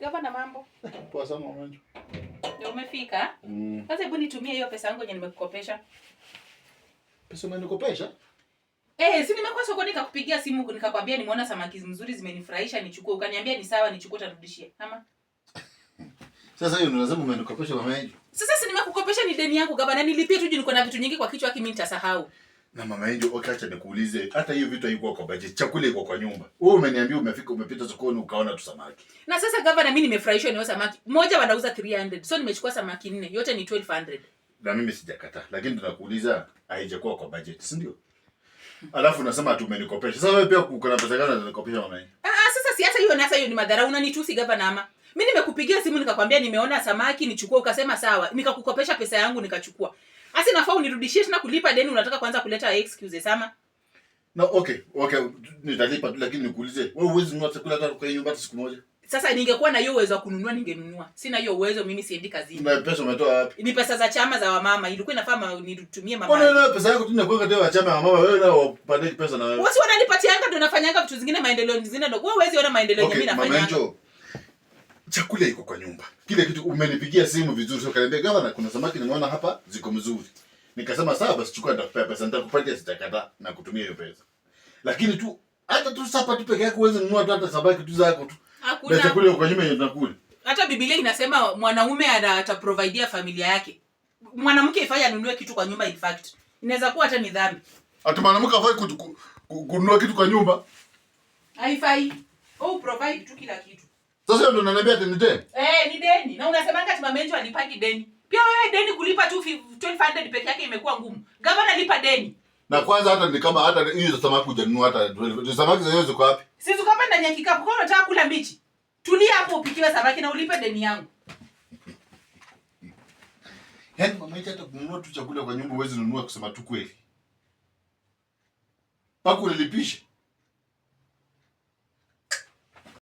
Gavana, mambo. Poa sana mwanangu. Ndio umefika? Mm. sasa. Mm. hebu nitumie hiyo pesa yangu yenye nimekukopesha. Pesa umenikopesha? Eh, si nimekuwa sokoni nikakupigia simu nikakwambia nimeona samaki mzuri zimenifurahisha nichukue. Ukaniambia ni sawa nichukue tarudishie Ama? Sasa hiyo ndio lazima umenikopesha mama yangu. Sasa si nimekukopesha ni deni yangu gavana, na nilipie tu niko na vitu nyingi kwa kichwa kimi nitasahau na mama yetu okay, acha nikuulize, hata hiyo vitu haikuwa kwa budget, chakula iko kwa nyumba. Wewe umeniambia umefika, umepita sokoni ukaona tu samaki. Na sasa gavana, mimi nimefurahishwa na samaki moja, wanauza 300 so nimechukua samaki nne, yote ni 1200 na mimi sijakata, lakini tunakuuliza haijakuwa kwa budget, si ndio? Alafu unasema ati umenikopesha. Sasa wewe pia uko na pesa gani unanikopesha mama yangu? Ah, ah sasa si hata hiyo na nasa hiyo ni madharau, unanitusi gavana ama. Mimi nimekupigia simu nikakwambia nimeona samaki nichukue, ukasema sawa, nikakukopesha pesa yangu nikachukua. Asi nafaa unirudishie tena kulipa deni, unataka kwanza kuleta excuses ama? Na okay, okay, nitalipa tu lakini nikuulize, wewe huwezi nunua chakula hata kwa hiyo siku moja. Sasa ningekuwa na hiyo uwezo wa kununua ningenunua. Sina hiyo uwezo mimi siendi kazini. Na pesa umetoa wapi? Ni pesa za chama za wamama. Ilikuwa inafaa ma, nitumie mama. Mbona wewe pesa yako tu ndio kwa chama ya mama wewe na upande pesa na wewe. Wasi wananipatia anga ndio nafanyanga vitu zingine maendeleo zingine ndio. Wewe huwezi ona maendeleo okay, mimi nafanyanga chakula iko kwa nyumba, kile kitu. Umenipigia simu vizuri, sio kaniambia, gavana, kuna samaki nimeona hapa ziko mzuri. Nikasema sawa basi, chukua, nitakupa pesa, nitakupatia, sitakata na kutumia hiyo pesa. Lakini tu hata tu sapa tu peke yake uweze kununua hata samaki tu zako tu, hakuna chakula iko kwa nyumba yenye tunakula. Hata Biblia inasema mwanaume providea familia yake, mwanamke ifai anunue kitu kwa nyumba. In fact inaweza kuwa hata ni dhambi, hata mwanamke afai kununua kitu kwa nyumba, haifai. Oh, provide tu kila kitu sasa ndo unaniambia tena tena. Eh, ni deni. Na unasema kati mama Angel alipaki deni. Pia wewe deni kulipa tu 2500 peke yake imekuwa ngumu. Gavana lipa deni. Na kwanza hata ni kama hata hizo samaki hujanunua hata hizo samaki zenyewe ziko wapi? Sisi ziko hapa ndani ya kikapu. Kwa nini unataka kula mbichi? Tulia hapo upikiwe samaki na ulipe deni yangu. Yaani mama yetu hata kununua tu chakula kwa nyumba huwezi nunua kusema tu kweli. Paka ulilipisha.